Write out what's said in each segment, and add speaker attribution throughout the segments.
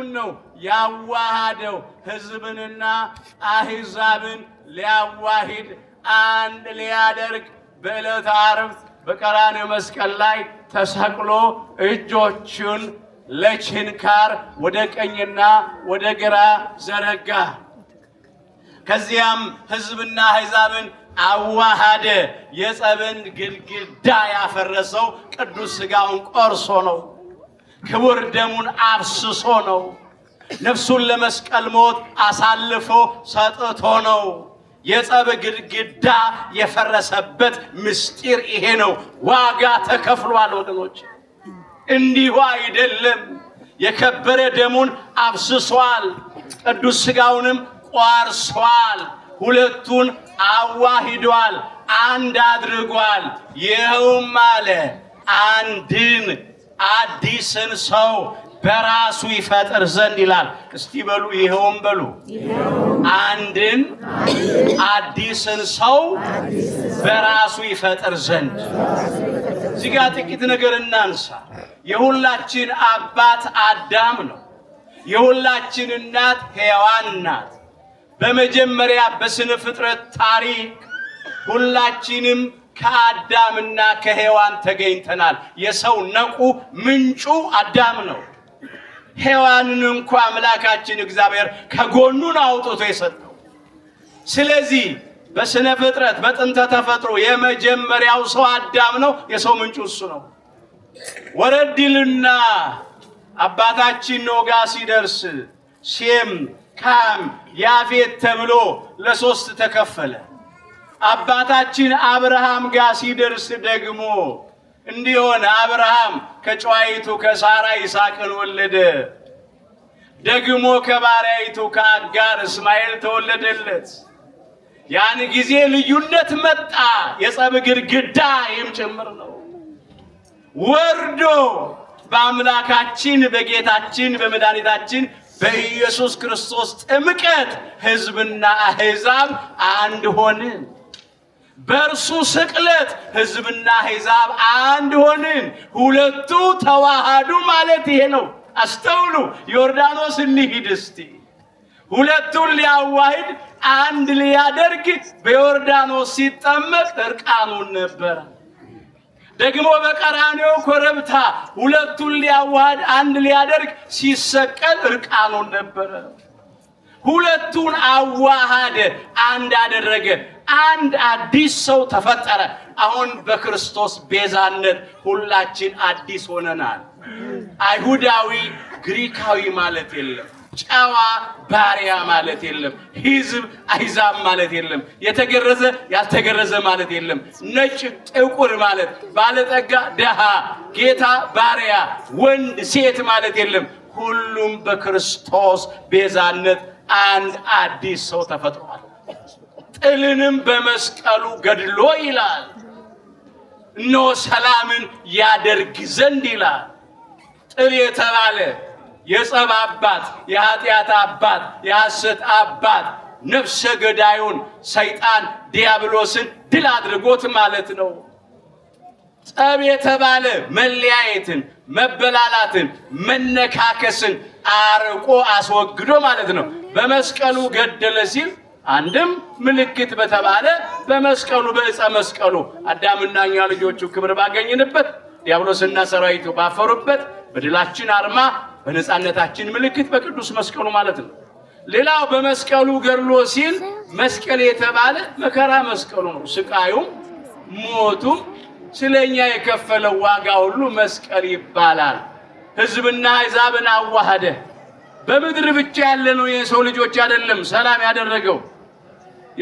Speaker 1: ሁለቱን ነው ያዋሃደው። ሕዝብንና አሕዛብን ሊያዋሂድ አንድ ሊያደርግ በዕለተ ዓርብ በቀራንዮ መስቀል ላይ ተሰቅሎ እጆቹን ለችንካር ወደ ቀኝና ወደ ግራ ዘረጋ። ከዚያም ሕዝብና አሕዛብን አዋሃደ። የጸብን ግድግዳ ያፈረሰው ቅዱስ ሥጋውን ቆርሶ ነው። ክቡር ደሙን አፍስሶ ነው። ነፍሱን ለመስቀል ሞት አሳልፎ ሰጥቶ ነው። የጸብ ግድግዳ የፈረሰበት ምስጢር ይሄ ነው። ዋጋ ተከፍሏል ወገኖች፣ እንዲሁ አይደለም። የከበረ ደሙን አፍስሷል፣ ቅዱስ ሥጋውንም ቋርሷል። ሁለቱን አዋሂዷል፣ አንድ አድርጓል። ይኸውም አለ አንድን አዲስን ሰው በራሱ ይፈጥር ዘንድ ይላል። እስቲ በሉ ይኸውም በሉ አንድን አዲስን ሰው በራሱ ይፈጥር ዘንድ። እዚህ ጋር ጥቂት ነገር እናንሳ። የሁላችን አባት አዳም ነው። የሁላችን እናት ሔዋን ናት። በመጀመሪያ በስነ ፍጥረት ታሪክ ሁላችንም ከአዳምና ከሔዋን ተገኝተናል። የሰው ነቁ ምንጩ አዳም ነው። ሔዋንን እንኳ አምላካችን እግዚአብሔር ከጎኑን አውጥቶ የሰጠው። ስለዚህ በስነ ፍጥረት በጥንተ ተፈጥሮ የመጀመሪያው ሰው አዳም ነው። የሰው ምንጩ እሱ ነው። ወረድልና አባታችን ኖጋ ሲደርስ ሴም፣ ካም፣ ያፌት ተብሎ ለሶስት ተከፈለ። አባታችን አብርሃም ጋር ሲደርስ ደግሞ እንዲሆን አብርሃም ከጨዋይቱ ከሳራ ይስሐቅን ወለደ። ደግሞ ከባሪያይቱ ከአጋር እስማኤል ተወለደለት። ያን ጊዜ ልዩነት መጣ። የጸብ ግድግዳ ይህም ጭምር ነው ወርዶ በአምላካችን በጌታችን በመድኃኒታችን በኢየሱስ ክርስቶስ ጥምቀት ሕዝብና አሕዛብ አንድ ሆንን። በእርሱ ስቅለት ሕዝብና አሕዛብ አንድ ሆንን። ሁለቱ ተዋሃዱ ማለት ይሄ ነው። አስተውሉ። ዮርዳኖስ እንሂድ እስቲ። ሁለቱን ሊያዋሂድ አንድ ሊያደርግ በዮርዳኖስ ሲጠመቅ እርቃኑን ነበረ። ደግሞ በቀራኔው ኮረብታ ሁለቱን ሊያዋሃድ አንድ ሊያደርግ ሲሰቀል እርቃኑን ነበረ። ሁለቱን አዋሃደ፣ አንድ አደረገ። አንድ አዲስ ሰው ተፈጠረ። አሁን በክርስቶስ ቤዛነት ሁላችን አዲስ ሆነናል። አይሁዳዊ ግሪካዊ ማለት የለም። ጨዋ ባሪያ ማለት የለም። ሂዝብ አይዛብ ማለት የለም። የተገረዘ ያልተገረዘ ማለት የለም። ነጭ ጥቁር ማለት፣ ባለጠጋ ደሃ፣ ጌታ ባሪያ፣ ወንድ ሴት ማለት የለም። ሁሉም በክርስቶስ ቤዛነት አንድ አዲስ ሰው ተፈጥሯል። ጥልንም በመስቀሉ ገድሎ ይላል። እነሆ ሰላምን ያደርግ ዘንድ ይላል። ጥል የተባለ የጸብ አባት፣ የኃጢአት አባት፣ የሐሰት አባት ነፍሰ ገዳዩን ሰይጣን ዲያብሎስን ድል አድርጎት ማለት ነው። ጸብ የተባለ መለያየትን፣ መበላላትን፣ መነካከስን አርቆ አስወግዶ ማለት ነው። በመስቀሉ ገደለ ሲል አንድም ምልክት በተባለ በመስቀሉ በዕፀ መስቀሉ አዳምና እኛ ልጆቹ ክብር ባገኝንበት ዲያብሎስና ሰራዊቱ ባፈሩበት በድላችን አርማ በነፃነታችን ምልክት በቅዱስ መስቀሉ ማለት ነው። ሌላው በመስቀሉ ገድሎ ሲል መስቀል የተባለ መከራ መስቀሉ ነው። ስቃዩም ሞቱም ስለኛ የከፈለው ዋጋ ሁሉ መስቀል ይባላል። ሕዝብና አሕዛብን አዋሃደ። በምድር ብቻ ያለ ነው የሰው ልጆች አይደለም ሰላም ያደረገው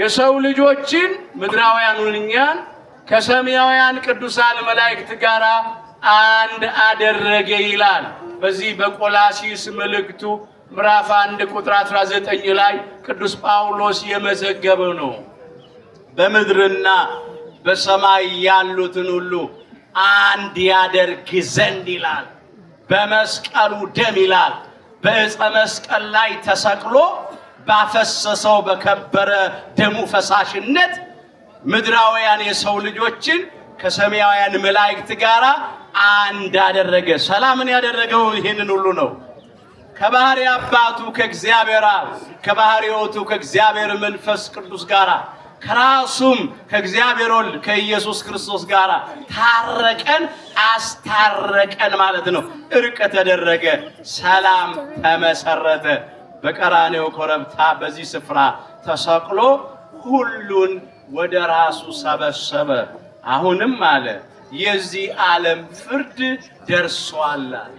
Speaker 1: የሰው ልጆችን ምድራውያኑን እኛን ከሰማያውያን ቅዱሳን መላእክት ጋር አንድ አደረገ ይላል። በዚህ በቆላሲስ መልእክቱ ምዕራፍ 1 ቁጥር 19 ላይ ቅዱስ ጳውሎስ የመዘገበ ነው። በምድርና በሰማይ ያሉትን ሁሉ አንድ ያደርግ ዘንድ ይላል። በመስቀሉ ደም ይላል በዕፀ መስቀል ላይ ተሰቅሎ ባፈሰሰው በከበረ ደሙ ፈሳሽነት ምድራውያን የሰው ልጆችን ከሰማያውያን መላእክት ጋር አንድ አደረገ። ሰላምን ያደረገው ይህንን ሁሉ ነው። ከባህሪ አባቱ ከእግዚአብሔር አብ ከባህሪ ሕይወቱ ከእግዚአብሔር መንፈስ ቅዱስ ጋር ከራሱም ከእግዚአብሔር ወልድ ከኢየሱስ ክርስቶስ ጋር ታረቀን፣ አስታረቀን ማለት ነው። እርቅ ተደረገ፣ ሰላም ተመሰረተ። በቀራኔው ኮረብታ በዚህ ስፍራ ተሰቅሎ ሁሉን ወደ ራሱ ሰበሰበ። አሁንም አለ የዚህ ዓለም ፍርድ ደርሷል አለ።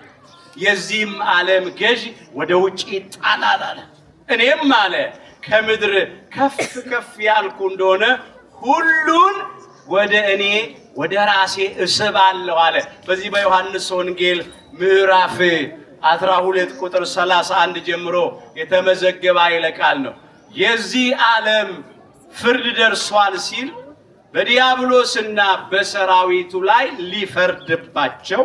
Speaker 1: የዚህም ዓለም ገዥ ወደ ውጭ ይጣላል አለ። እኔም አለ ከምድር ከፍ ከፍ ያልኩ እንደሆነ ሁሉን ወደ እኔ ወደ ራሴ እስባለሁ አለ። በዚህ በዮሐንስ ወንጌል ምዕራፍ 12 ቁጥር 31 ጀምሮ የተመዘገበ ኃይለ ቃል ነው። የዚህ ዓለም ፍርድ ደርሷል ሲል በዲያብሎስና በሰራዊቱ ላይ ሊፈርድባቸው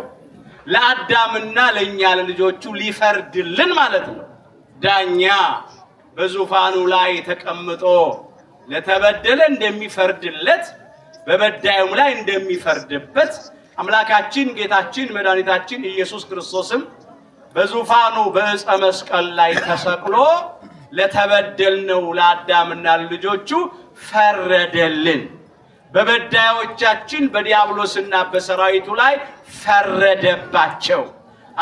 Speaker 1: ለአዳምና ለእኛ ለልጆቹ ሊፈርድልን ማለት ነው ዳኛ በዙፋኑ ላይ ተቀምጦ ለተበደለ እንደሚፈርድለት በበዳዩም ላይ እንደሚፈርድበት አምላካችን ጌታችን መድኃኒታችን ኢየሱስ ክርስቶስም በዙፋኑ በዕፀ መስቀል ላይ ተሰቅሎ ለተበደልነው ለአዳምና ልጆቹ ፈረደልን። በበዳዮቻችን በዲያብሎስና በሰራዊቱ ላይ ፈረደባቸው።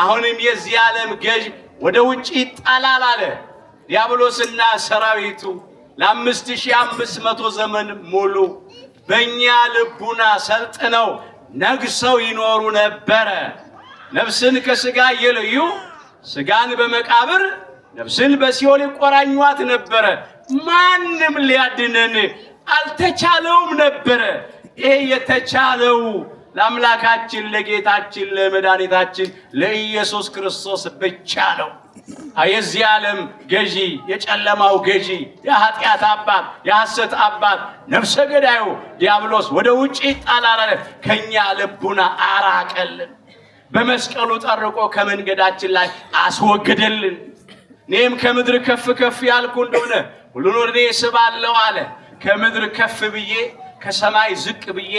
Speaker 1: አሁንም የዚህ ዓለም ገዥ ወደ ውጭ ይጣላል አለ። ዲያብሎስና ሰራዊቱ ለአምስት ሺህ አምስት መቶ ዘመን ሙሉ በእኛ ልቡና ሰልጥነው ነግሰው ይኖሩ ነበረ። ነፍስን ከስጋ እየለዩ ስጋን በመቃብር ነፍስን በሲኦል ይቆራኟት ነበረ። ማንም ሊያድነን አልተቻለውም ነበረ። ይህ የተቻለው ለአምላካችን ለጌታችን ለመድኃኒታችን ለኢየሱስ ክርስቶስ ብቻ ነው። የዚህ ዓለም ገዢ፣ የጨለማው ገዢ፣ የኃጢአት አባት፣ የሐሰት አባት፣ ነፍሰ ገዳዩ ዲያብሎስ ወደ ውጭ ይጣላል። ከእኛ ልቡና አራቀልን፣ በመስቀሉ ጠርቆ ከመንገዳችን ላይ አስወገደልን እኔም ከምድር ከፍ ከፍ ያልኩ እንደሆነ ሁሉን ወደ እኔ ስባለው አለ። ከምድር ከፍ ብዬ ከሰማይ ዝቅ ብዬ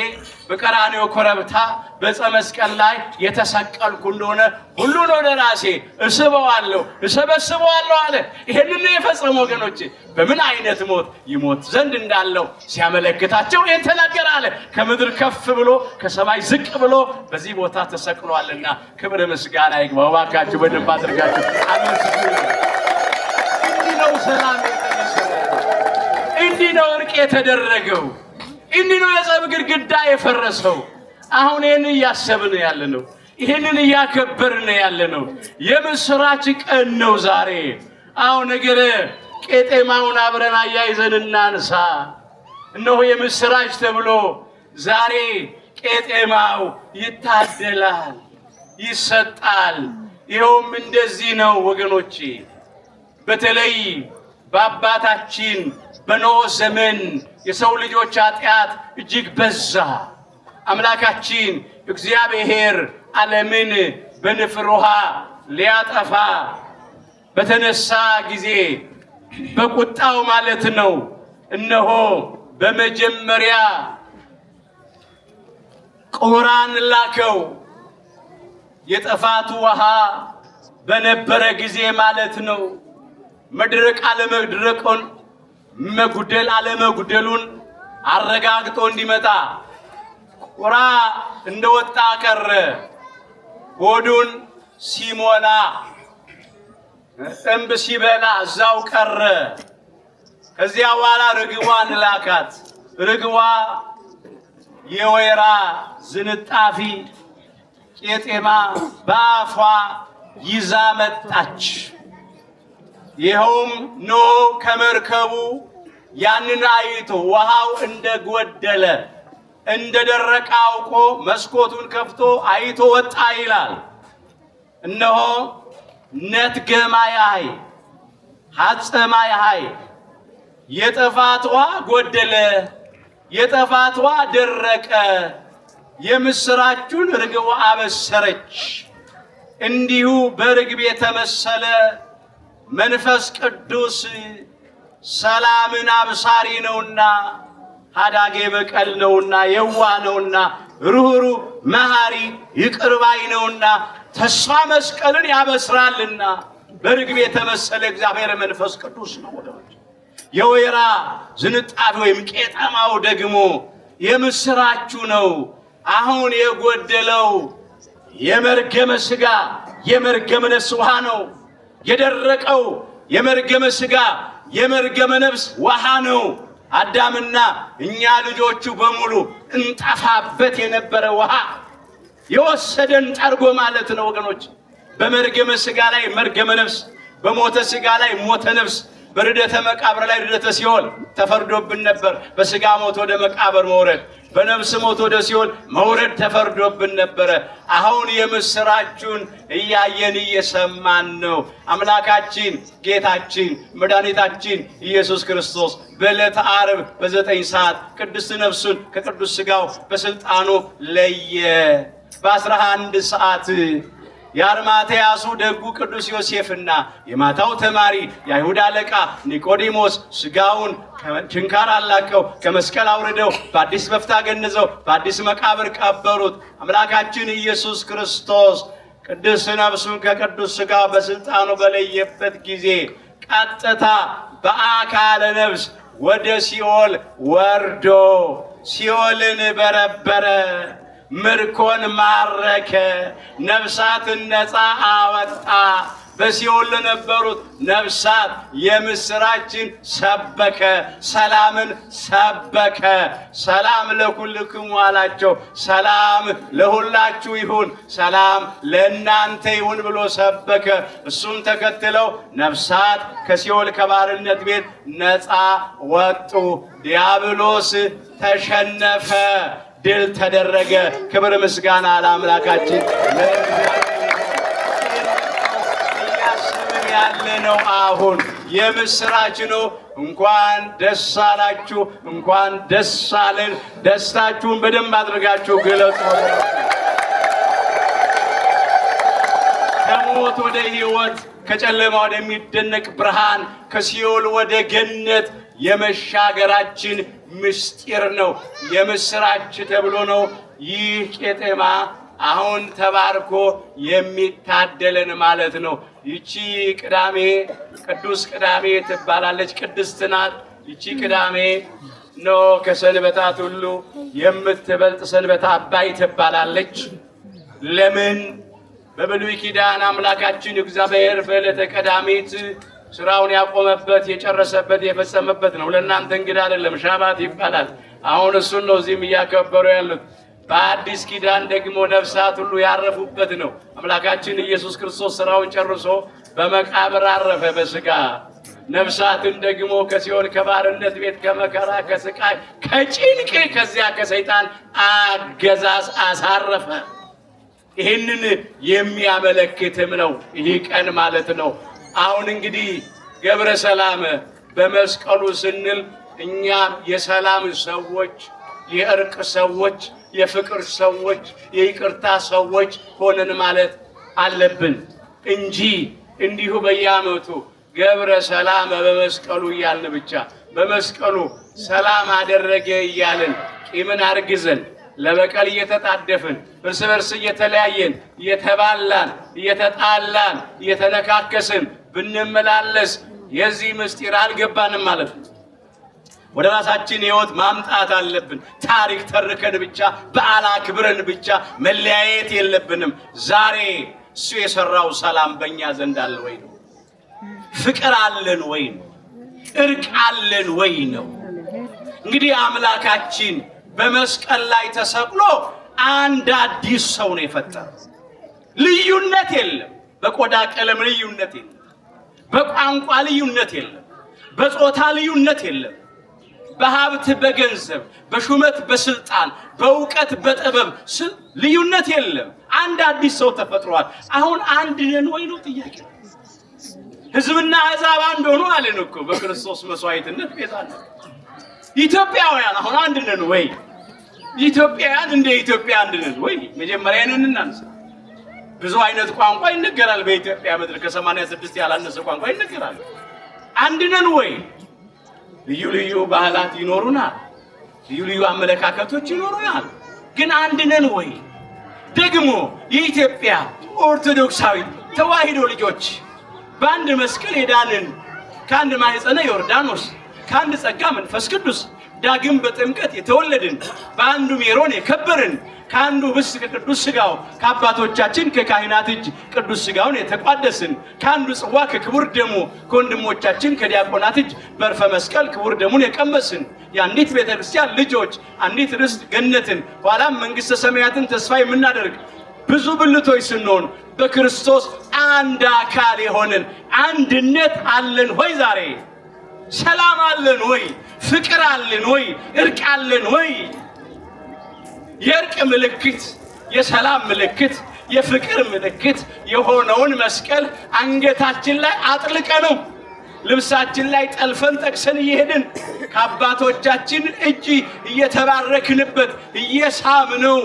Speaker 1: በቀራንዮ ኮረብታ በዕፀ መስቀል ላይ የተሰቀልኩ እንደሆነ ሁሉን ወደ ራሴ እስበዋለሁ እሰበስበዋለሁ አለ። ይሄንን ነው የፈጸመ ወገኖቼ፣ በምን አይነት ሞት ይሞት ዘንድ እንዳለው ሲያመለክታቸው ይህን ተናገር አለ። ከምድር ከፍ ብሎ ከሰማይ ዝቅ ብሎ በዚህ ቦታ ተሰቅሏልና ክብር ምስጋና ይግባው። እባካችሁ በደንብ አድርጋችሁ እንዲህ ነው ሰላም የተመሰረተው፣ እንዲህ ነው እርቅ የተደረገው። የጥበብ ግድግዳ የፈረሰው አሁን ይህን እያሰብን ያለ ነው። ይህንን እያከበርን ያለ ነው። የምስራች ቀን ነው ዛሬ። አሁ ነገር ቄጤማውን አብረን አያይዘን እናንሳ። እነሆ የምስራች ተብሎ ዛሬ ቄጤማው ይታደላል፣ ይሰጣል። ይኸውም እንደዚህ ነው ወገኖቼ በተለይ በአባታችን በኖህ ዘመን የሰው ልጆች ኃጢአት እጅግ በዛ። አምላካችን እግዚአብሔር ዓለምን በንፍር ውሃ ሊያጠፋ በተነሳ ጊዜ በቁጣው ማለት ነው። እነሆ በመጀመሪያ ቁራን ላከው። የጥፋት ውሃ በነበረ ጊዜ ማለት ነው። መድረቅ አለመድረቁን መጉደል አለመጉደሉን አረጋግጦ እንዲመጣ ቁራ እንደወጣ ቀረ። ሆዱን ሲሞላ እምብ ሲበላ እዛው ቀረ። ከዚያ በኋላ ርግቧን ንላካት ርግቧ የወይራ ዝንጣፊ ቄጤማ በአፏ ይዛ መጣች። ይኸውም ኖ ከመርከቡ ያንን አይቶ ውሃው እንደጎደለ እንደደረቀ አውቆ መስኮቱን ከፍቶ አይቶ ወጣ ይላል። እነሆ ነትገማ ያይ ሐጸማ ያይ የጥፋት ውሃ ጎደለ፣ የጥፋት ውሃ ደረቀ፣ የምስራቹን ርግቡ አበሰረች። እንዲሁ በርግብ የተመሰለ መንፈስ ቅዱስ ሰላምን አብሳሪ ነውና አዳጌ በቀል ነውና የዋ ነውና ርኅሩ መሐሪ ይቅርባይ ነውና ተስፋ መስቀልን ያበስራልና በርግብ የተመሰለ እግዚአብሔር መንፈስ ቅዱስ ነው። የወይራ ዝንጣት ወይም ቄጠማው ደግሞ የምስራችሁ ነው። አሁን የጎደለው የመርገመ ስጋ የመርገመ ነፍስ ውሃ ነው። የደረቀው የመርገመ ሥጋ የመርገመ ነፍስ ውሃ ነው። አዳምና እኛ ልጆቹ በሙሉ እንጠፋበት የነበረ ውሃ የወሰደን ጠርጎ ማለት ነው ወገኖች። በመርገመ ሥጋ ላይ መርገመ ነፍስ፣ በሞተ ሥጋ ላይ ሞተ ነፍስ በርደተ መቃብር ላይ ርደተ ሲኦል ተፈርዶብን ነበር። በስጋ ሞት ወደ መቃብር መውረድ፣ በነፍስ ሞት ወደ ሲኦል መውረድ ተፈርዶብን ነበረ። አሁን የምስራችሁን እያየን እየሰማን ነው። አምላካችን ጌታችን መድኃኒታችን ኢየሱስ ክርስቶስ በዕለተ ዓርብ በዘጠኝ ሰዓት ቅድስት ነፍሱን ከቅዱስ ስጋው በስልጣኑ ለየ በአስራ አንድ ሰዓት ያሱ ደጉ ቅዱስ ዮሴፍና የማታው ተማሪ የአይሁድ አለቃ ኒቆዲሞስ ስጋውን ችንካር አላቀው ከመስቀል አውርደው በአዲስ በፍታ ገንዘው በአዲስ መቃብር ቀበሩት። አምላካችን ኢየሱስ ክርስቶስ ቅዱስ ነፍሱን ከቅዱስ ስጋ በስልጣኑ በለየበት ጊዜ ቀጥታ በአካለ ነፍስ ወደ ሲኦል ወርዶ ሲኦልን በረበረ። ምርኮን ማረከ፣ ነፍሳትን ነፃ አወጣ። በሲኦል ለነበሩት ነፍሳት የምስራችን ሰበከ፣ ሰላምን ሰበከ። ሰላም ለኩልክሙ አላቸው። ሰላም ለሁላችሁ ይሁን፣ ሰላም ለእናንተ ይሁን ብሎ ሰበከ። እሱም ተከትለው ነፍሳት ከሲኦል ከባርነት ቤት ነፃ ወጡ። ዲያብሎስ ተሸነፈ። ድል ተደረገ። ክብር ምስጋና ለአምላካችን። ያለ ያለነው አሁን የምስራች ነው። እንኳን ደስ አላችሁ፣ እንኳን ደስ አለን። ደስታችሁን በደንብ አድርጋችሁ ግለጡ። ከሞት ወደ ህይወት፣ ከጨለማ ወደሚደነቅ ብርሃን ከሲኦል ወደ ገነት የመሻገራችን ምስጢር ነው፣ የምስራች ተብሎ ነው። ይህ ቄጠማ አሁን ተባርኮ የሚታደለን ማለት ነው። ይቺ ቅዳሜ ቅዱስ ቅዳሜ ትባላለች፣ ቅድስት ናት። ይቺ ቅዳሜ ኖ ከሰንበታት ሁሉ የምትበልጥ ሰንበት አባይ ትባላለች። ለምን? በብሉይ ኪዳን አምላካችን እግዚአብሔር በዕለተ ቀዳሚት ስራውን ያቆመበት የጨረሰበት የፈጸመበት ነው። ለእናንተ እንግዳ አይደለም፣ ሻባት ይባላል። አሁን እሱን ነው እዚህም እያከበሩ ያሉት። በአዲስ ኪዳን ደግሞ ነፍሳት ሁሉ ያረፉበት ነው። አምላካችን ኢየሱስ ክርስቶስ ስራውን ጨርሶ በመቃብር አረፈ በስጋ ነፍሳትን ደግሞ ከሲኦል ከባርነት ቤት ከመከራ ከስቃይ ከጭንቅ ከዚያ ከሰይጣን አገዛዝ አሳረፈ። ይህንን የሚያመለክትም ነው ይህ ቀን ማለት ነው። አሁን እንግዲህ ገብረ ሰላም በመስቀሉ ስንል እኛ የሰላም ሰዎች፣ የእርቅ ሰዎች፣ የፍቅር ሰዎች፣ የይቅርታ ሰዎች ሆነን ማለት አለብን እንጂ እንዲሁ በየዓመቱ ገብረ ሰላም በመስቀሉ እያልን ብቻ በመስቀሉ ሰላም አደረገ እያልን ቂምን አርግዘን ለበቀል እየተጣደፍን እርስ በርስ እየተለያየን እየተባላን እየተጣላን እየተነካከስን ብንመላለስ የዚህ ምስጢር አልገባንም ማለት ነው። ወደ ራሳችን ህይወት ማምጣት አለብን። ታሪክ ተርከን ብቻ በዓል አክብረን ብቻ መለያየት የለብንም። ዛሬ እሱ የሰራው ሰላም በእኛ ዘንድ አለ ወይ ነው? ፍቅር አለን ወይ ነው? እርቅ አለን ወይ ነው? እንግዲህ አምላካችን በመስቀል ላይ ተሰቅሎ አንድ አዲስ ሰው ነው የፈጠረ። ልዩነት የለም። በቆዳ ቀለም ልዩነት የለም። በቋንቋ ልዩነት የለም። በጾታ ልዩነት የለም። በሀብት፣ በገንዘብ፣ በሹመት፣ በስልጣን፣ በእውቀት፣ በጥበብ ልዩነት የለም። አንድ አዲስ ሰው ተፈጥሯል። አሁን አንድ ነን ወይ ነው ጥያቄ። ሕዝብና አሕዛብ አንድ ሆኑ አለን እኮ በክርስቶስ መስዋዕትነት ቤዛ ኢትዮጵያውያን አሁን አንድ ነን ወይ? ኢትዮጵያውያን እንደ ኢትዮጵያ አንድ ነን ወይ? መጀመሪያ ይህንን እናንሳ። ብዙ አይነት ቋንቋ ይነገራል በኢትዮጵያ ምድር፣ ከሰማንያ ስድስት ያላነሰ ቋንቋ ይነገራል። አንድ ነን ወይ? ልዩ ልዩ ባህላት ይኖሩናል፣ ልዩ ልዩ አመለካከቶች ይኖሩናል። ግን አንድ ነን ወይ? ደግሞ የኢትዮጵያ ኦርቶዶክሳዊ ተዋሕዶ ልጆች በአንድ መስቀል የዳንን ከአንድ ማኅፀነ ዮርዳኖስ ከአንድ ጸጋ መንፈስ ቅዱስ ዳግም በጥምቀት የተወለድን በአንዱ ሜሮን የከበርን ከአንዱ ብስ ከቅዱስ ሥጋው ከአባቶቻችን ከካህናት እጅ ቅዱስ ሥጋውን የተቋደስን ከአንዱ ጽዋ ከክቡር ደሙ ከወንድሞቻችን ከዲያቆናት እጅ በርፈ መስቀል ክቡር ደሙን የቀመስን የአንዲት ቤተ ክርስቲያን ልጆች አንዲት ርስት ገነትን ኋላም መንግሥተ ሰማያትን ተስፋ የምናደርግ ብዙ ብልቶች ስንሆን በክርስቶስ አንድ አካል የሆንን አንድነት አለን ሆይ ዛሬ ሰላም አለን ወይ? ፍቅር አለን ወይ? እርቅ አለን ወይ? የእርቅ ምልክት፣ የሰላም ምልክት፣ የፍቅር ምልክት የሆነውን መስቀል አንገታችን ላይ አጥልቀ ነው ልብሳችን ላይ ጠልፈን ጠቅሰን እየሄድን ከአባቶቻችን እጅ እየተባረክንበት እየሳምነው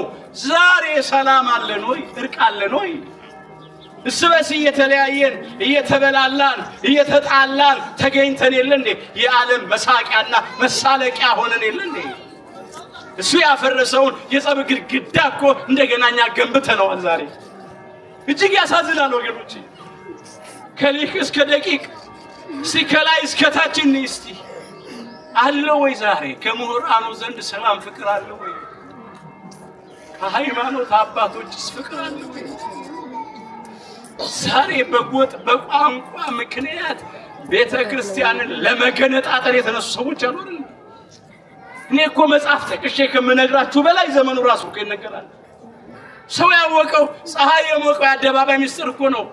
Speaker 1: ዛሬ ሰላም አለን ወይ? እርቅ አለን ወይ? እርስ በርስ እየተለያየን እየተበላላን እየተጣላን ተገኝተን የለን የዓለም መሳቂያና መሳለቂያ ሆነን የለን። እሱ ያፈረሰውን የጸብ ግድግዳ እኮ እንደገና እኛ ገንብተነዋል ዛሬ። እጅግ ያሳዝናል ወገኖች። ከሊቅ እስከ ደቂቅ እስቲ ከላይ እስከ ታች እኔ እስቲ አለ ወይ ዛሬ ከምሁራኑ ዘንድ ሰላም ፍቅር አለ ወይ? ከሃይማኖት አባቶችስ ፍቅር አለ ወይ? ዛሬ በጎጥ በቋንቋ ምክንያት ቤተ ክርስቲያንን ለመገነጣጠር የተነሱ ሰዎች አሉ። እኔ እኮ መጽሐፍ ጠቅሼ ከምነግራችሁ በላይ ዘመኑ ራሱ እኮ ይነገራል። ሰው ያወቀው ፀሐይ የሞቀው የአደባባይ ሚስጥር እኮ ነው።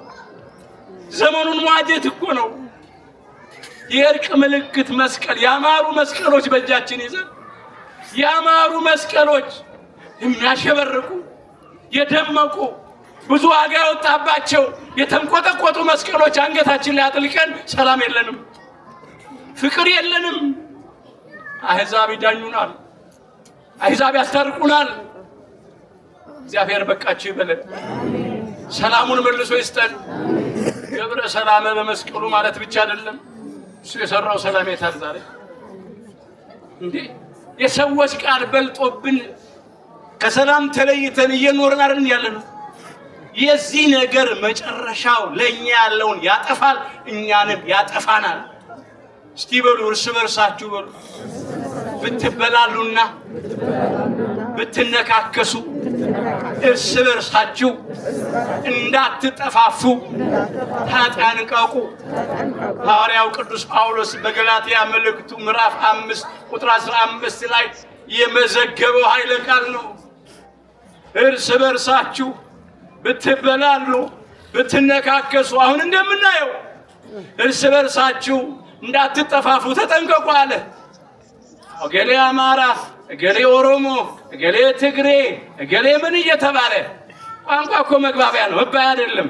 Speaker 1: ዘመኑን መዋጀት እኮ ነው። የእርቅ ምልክት መስቀል፣ ያማሩ መስቀሎች በእጃችን ይዘን ያማሩ መስቀሎች የሚያሸበርቁ የደመቁ ብዙ ዋጋ ያወጣባቸው የተንቆጠቆጡ መስቀሎች አንገታችን ላይ አጥልቀን ሰላም የለንም፣ ፍቅር የለንም። አሕዛብ ይዳኙናል፣ አሕዛብ ያስታርቁናል። እግዚአብሔር በቃቸው ይበለን፣ ሰላሙን መልሶ ይስጠን። ገብረ ሰላመ በመስቀሉ ማለት ብቻ አይደለም እሱ የሰራው ሰላም የታል ዛሬ እንዴ? የሰዎች ቃል በልጦብን ከሰላም ተለይተን እየኖርን አይደል ያለነው የዚህ ነገር መጨረሻው ለእኛ ያለውን ያጠፋል፣ እኛንም ያጠፋናል። እስቲ በሉ እርስ በርሳችሁ በሉ ብትበላሉና ብትነካከሱ እርስ በርሳችሁ እንዳትጠፋፉ ታጠንቀቁ። ሐዋርያው ቅዱስ ጳውሎስ በገላትያ መልእክቱ ምዕራፍ አምስት ቁጥር አስራ አምስት ላይ የመዘገበው ኃይለ ቃል ነው። እርስ በርሳችሁ ብትበላሉ፣ ብትነካከሱ አሁን እንደምናየው እርስ በርሳችሁ እንዳትጠፋፉ ተጠንቀቁ አለ። እገሌ አማራ፣ እገሌ ኦሮሞ፣ እገሌ ትግሬ፣ እገሌ ምን እየተባለ ቋንቋ እኮ መግባቢያ ነው። መባያ አይደለም፣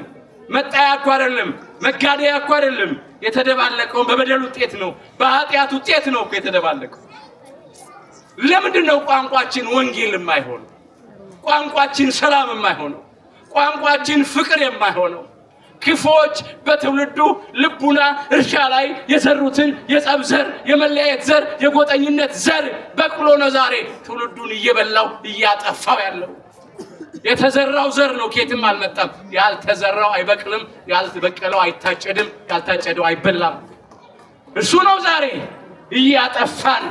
Speaker 1: መጣያ እኮ አይደለም፣ መጋደያ እኮ አይደለም። የተደባለቀውን በበደል ውጤት ነው፣ በኃጢአት ውጤት ነው እኮ የተደባለቀው። ለምንድን ነው ቋንቋችን ወንጌል የማይሆነው? ቋንቋችን ሰላም የማይሆነው? ቋንቋችን ፍቅር የማይሆነው ክፎች በትውልዱ ልቡና እርሻ ላይ የዘሩትን የጸብ ዘር፣ የመለያየት ዘር፣ የጎጠኝነት ዘር በቅሎ ነው ዛሬ ትውልዱን እየበላው እያጠፋው ያለው። የተዘራው ዘር ነው፣ ኬትም አልመጣም። ያልተዘራው አይበቅልም፣ ያልበቀለው አይታጨድም፣ ያልታጨደው አይበላም። እሱ ነው ዛሬ እያጠፋን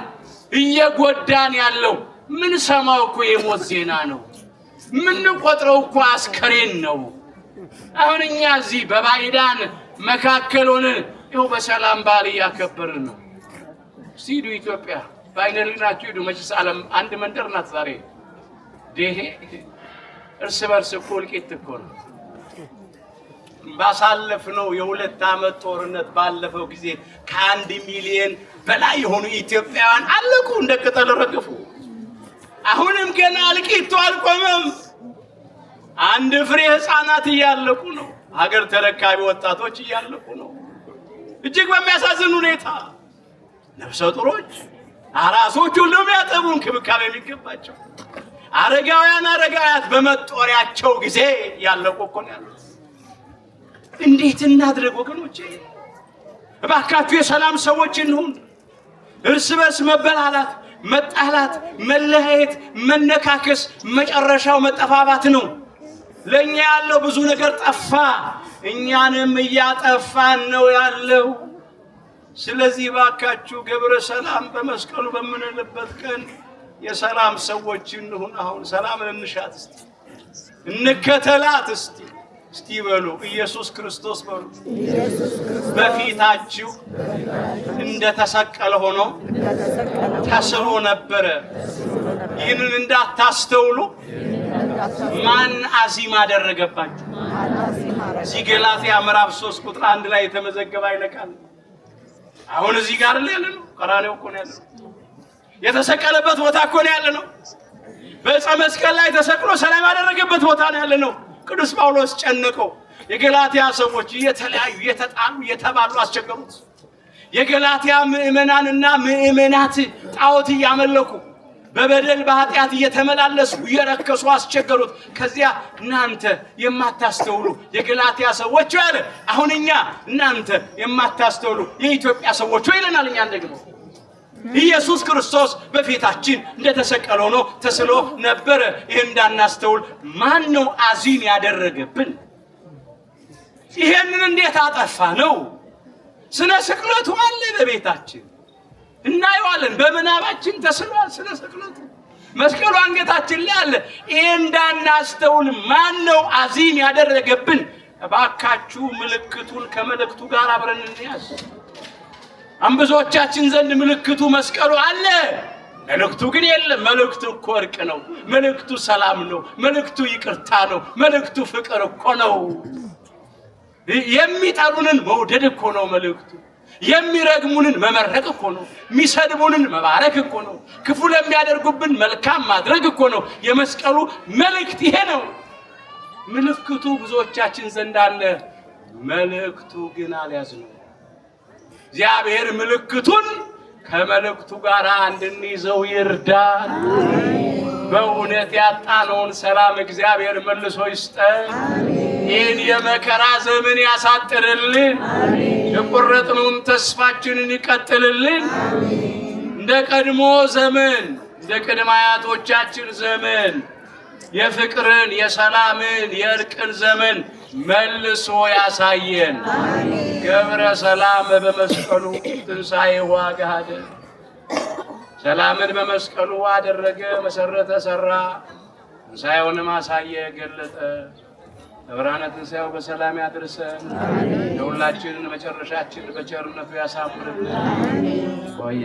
Speaker 1: እየጎዳን ያለው። ምን ሰማው እኮ የሞት ዜና ነው። የምንቆጥረው እኮ አስከሬን ነው። አሁን እኛ እዚህ በባይዳን መካከል ሆነን ይኸው በሰላም በዓል እያከበርን ነው። ሲዱ ኢትዮጵያ በዓይነ ልቅናችሁ ሂዱ። መቼስ ዓለም አንድ መንደር ናት። ዛሬ ይሄ እርስ በርስ እኮ እልቂት እኮ ነው። ባሳለፍነው የሁለት ዓመት ጦርነት ባለፈው ጊዜ ከአንድ ሚሊዮን በላይ የሆኑ ኢትዮጵያውያን አለቁ፣ እንደ ቅጠል ረግፉ። አሁንም ገና አልቂቱ አልቆመም። አንድ ፍሬ ህፃናት እያለቁ ነው። ሀገር ተረካቢ ወጣቶች እያለቁ ነው። እጅግ በሚያሳዝን ሁኔታ ነፍሰ ጡሮች፣ አራሶች፣ ሁሉም ያጠቡ እንክብካቤ የሚገባቸው አረጋውያን፣ አረጋውያት በመጦሪያቸው ጊዜ ያለቁ እኮ ነው ያሉት። እንዴት እናድረግ ወገኖቼ? እባካችሁ የሰላም ሰዎች እንሁን። እርስ በርስ መበላላት መጣላት፣ መለያየት፣ መነካከስ መጨረሻው መጠፋፋት ነው። ለእኛ ያለው ብዙ ነገር ጠፋ፣ እኛንም እያጠፋን ነው ያለው። ስለዚህ ባካችሁ ገብረ ሰላም በመስቀሉ በምንልበት ቀን የሰላም ሰዎች እንሁን። አሁን ሰላምን እንሻት እስቲ፣ እንከተላት እስቲ እስቲ በሉ ኢየሱስ ክርስቶስ በሉ። በፊታችሁ እንደተሰቀለ ሆኖ ተስሎ ነበረ። ይህንን እንዳታስተውሉ ማን አዚም አደረገባችሁ? እዚህ ገላትያ ምዕራፍ ሶስት ቁጥር አንድ ላይ የተመዘገበ አይነቃል። አሁን እዚህ ጋር ያለ ነው። ቀራኔው እኮ ነው ያለ ነው። የተሰቀለበት ቦታ እኮ ነው ያለ ነው። በዕፀ መስቀል ላይ ተሰቅሎ ሰላም ያደረገበት ቦታ ነው ያለ ነው። ቅዱስ ጳውሎስ ጨነቀው። የገላትያ ሰዎች እየተለያዩ እየተጣሉ እየተባሉ አስቸገሩት። የገላትያ ምእመናንና ምእመናት ጣዖት እያመለኩ በበደል በኃጢአት እየተመላለሱ እየረከሱ አስቸገሩት። ከዚያ እናንተ የማታስተውሉ የገላትያ ሰዎች አለ። አሁን እኛ እናንተ የማታስተውሉ የኢትዮጵያ ሰዎች ይለናል። እኛን ደግሞ ኢየሱስ ክርስቶስ በፊታችን እንደተሰቀለ ሆኖ ተስሎ ነበረ። ይህን እንዳናስተውል ማን ነው አዚም ያደረገብን? ይሄንን እንዴት አጠፋ ነው? ስነ ስቅለቱ አለ በቤታችን እናየዋለን። በምናባችን ተስሏል። ስነ ስቅለቱ መስቀሉ አንገታችን ላይ አለ። ይሄ እንዳናስተውል ማን ነው አዚም ያደረገብን? እባካችሁ ምልክቱን ከመልእክቱ ጋር አብረን እንያዝ። አንብዞቻችን ዘንድ ምልክቱ መስቀሉ አለ። መልእክቱ ግን የለም። መልእክቱ እኮ እርቅ ነው። መልእክቱ ሰላም ነው። መልእክቱ ይቅርታ ነው። መልእክቱ ፍቅር እኮ ነው። የሚጠሉንን መውደድ እኮ ነው መልእክቱ። የሚረግሙንን መመረቅ እኮ ነው። የሚሰድቡንን መባረክ እኮ ነው። ክፉ ለሚያደርጉብን መልካም ማድረግ እኮ ነው። የመስቀሉ መልእክት ይሄ ነው። ምልክቱ ብዙዎቻችን ዘንድ አለ። መልእክቱ ግን አልያዝነው። እግዚአብሔር ምልክቱን ከመልእክቱ ጋር እንድንይዘው ይርዳል። በእውነት ያጣነውን ሰላም እግዚአብሔር መልሶ ይስጠን። ይህን የመከራ ዘመን ያሳጥርልን። የቆረጥነውን ተስፋችንን ይቀጥልልን። እንደ ቀድሞ ዘመን፣ እንደ ቅድመ አያቶቻችን ዘመን የፍቅርን፣ የሰላምን፣ የእርቅን ዘመን መልሶ ያሳየን። ገብረ ሰላም በመስቀሉ ትንሣኤ ዋጋደ ሰላምን በመስቀሉ አደረገ፣ መሰረተ፣ ሰራ፣ ትንሣኤውንም አሳየ፣ ገለጠ። ብርሃነ ትንሣኤው በሰላም ያድርሰን። የሁላችንን መጨረሻችን በቸርነቱ ያሳምርልን። ቆየ